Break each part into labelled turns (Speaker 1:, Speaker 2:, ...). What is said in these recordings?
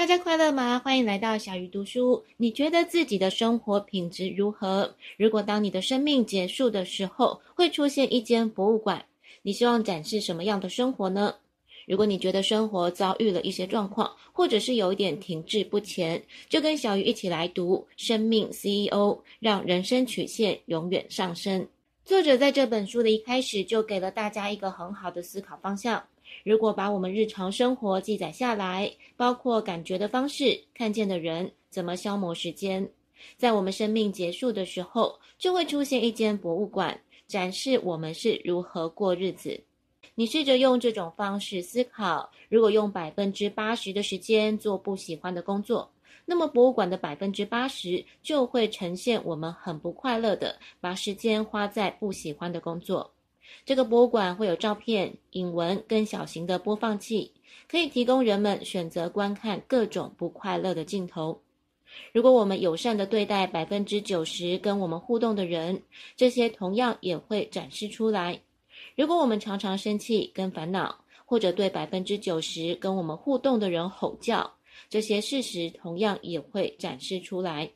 Speaker 1: 大家快樂嗎？歡迎來到小魚讀書。你覺得自己的生活品質如何？如果當你的生命結束的時候，會出現一間博物館，你希望展示什麼樣的生活呢？如果你覺得生活遭遇了一些狀況，或者是有一點停滯不前，就跟小魚一起來讀《生命 CEO》，讓人生曲線永遠上升。作者在這本書的一開始就給了大家一個很好的思考方向。如果把我們日常生活記載下來，包括感覺的方式、看見的人、怎麼消磨時間，在我們生命結束的時候，就會出現一間博物館，展示我們是如何過日子。你試着用這種方式思考：如果用百分之八十的時間做不喜歡的工作，那麼博物館的百分之八十就會呈現我們很不快樂的把時間花在不喜歡的工作。這個博物館會有照片、引文跟小型的播放器，可以提供人們選擇觀看各種不快樂的鏡頭。如果我們友善地對待百分之九十跟我們互動的人，這些同樣也會展示出來。如果我們常常生氣跟煩惱，或者對百分之九十跟我們互動的人吼叫，這些事實同樣也會展示出來。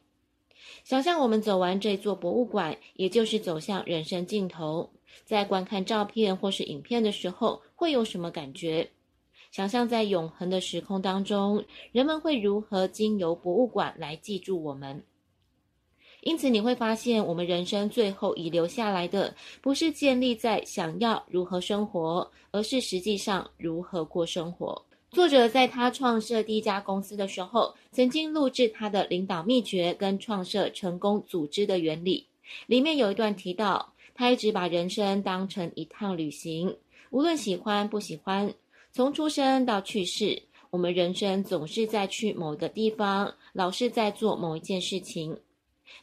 Speaker 1: 想象我們走完這座博物館，也就是走向人生盡頭。在觀看照片或是影片的時候，會有什麼感覺？想象在永恆的時空當中，人們會如何經由博物館來記住我們？因此，你會發現，我們人生最後遺留下來的，不是建立在想要如何生活，而是實際上如何過生活。作者在他創設第一家公司的時候，曾經錄制他的領導祕訣跟創設成功組織的原理，裡面有一段提到。他一直把人生當成一趟旅行，無論喜歡不喜歡，從出生到去世，我們人生總是在去某一個地方，老是在做某一件事情。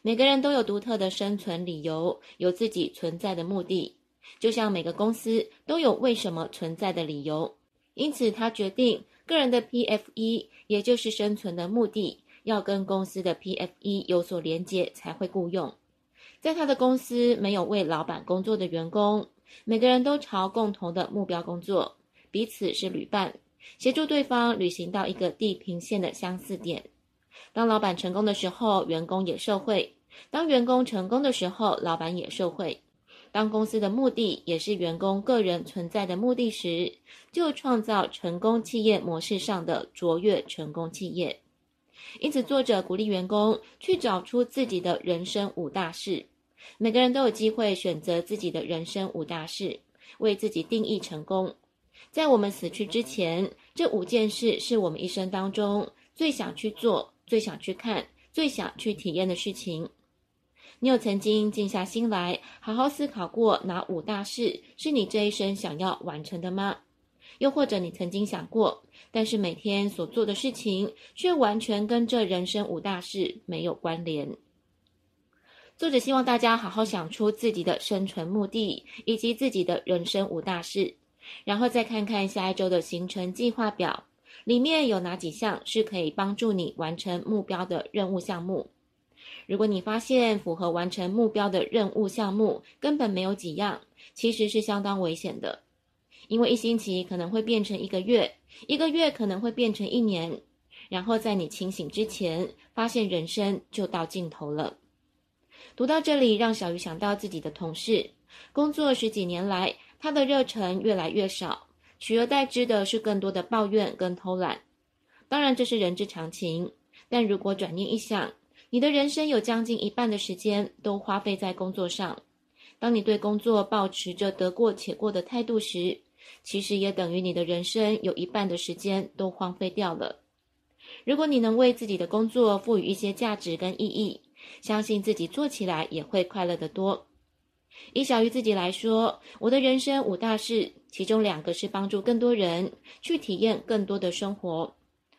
Speaker 1: 每個人都有獨特的生存理由，有自己存在的目的，就像每個公司都有為什麼存在的理由。因此，他決定個人的 PFE，也就是生存的目的，要跟公司的 PFE 有所連接，才會雇用。在他的公司，沒有為老闆工作的員工，每個人都朝共同的目標工作，彼此是旅伴，協助對方旅行到一個地平線的相似點。當老闆成功的時候，員工也受惠；當員工成功的時候，老闆也受惠。當公司的目的也是員工個人存在的目的時，就創造成功企業模式上的卓越成功企業。因此，作者鼓勵員工去找出自己的人生五大事。每個人都有機會選擇自己的人生五大事，為自己定義成功。在我們死去之前，這五件事是我們一生當中最想去做、最想去看、最想去體驗的事情。你有曾經靜下心來，好好思考過哪五大事是你這一生想要完成的嗎？又或者你曾經想過，但是每天所做的事情卻完全跟這人生五大事沒有關聯。作者希望大家好好想出自己的生存目的以及自己的人生五大事，然後再看看下一周的行程計劃表，裡面有哪幾項是可以幫助你完成目標的任務項目。如果你發現符合完成目標的任務項目根本沒有幾樣，其實是相當危險的。因為一星期可能會變成一個月，一個月可能會變成一年，然後在你清醒之前，發現人生就到盡頭了。讀到這裡，讓小魚想到自己的同事，工作十幾年來，他的熱忱越來越少，取而代之的是更多的抱怨跟偷懶。當然，這是人之常情。但如果轉念一想，你的人生有將近一半的時間都花費在工作上，當你對工作抱持著得過且過的態度時，其實也等於你的人生有一半的時間都荒廢掉了。如果你能為自己的工作賦予一些價值跟意義，相信自己做起來也會快樂得多。以小魚自己來說，我的人生五大事，其中兩個是幫助更多人去體驗更多的生活。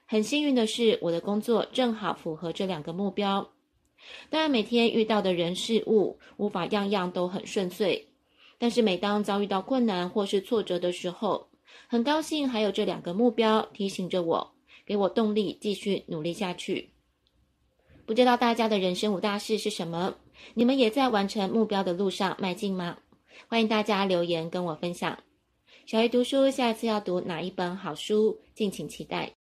Speaker 1: 很幸運的是，我的工作正好符合這兩個目標。當然，每天遇到的人事物，無法樣樣都很順遂。但是每當遭遇到困難或是挫折的時候，很高興還有這兩個目標提醒着我，給我動力繼續努力下去。不知道大家的人生五大事是什麼？你們也在完成目標的路上邁進嗎？歡迎大家留言跟我分享。小魚讀書，下次要讀哪一本好書？敬請期待。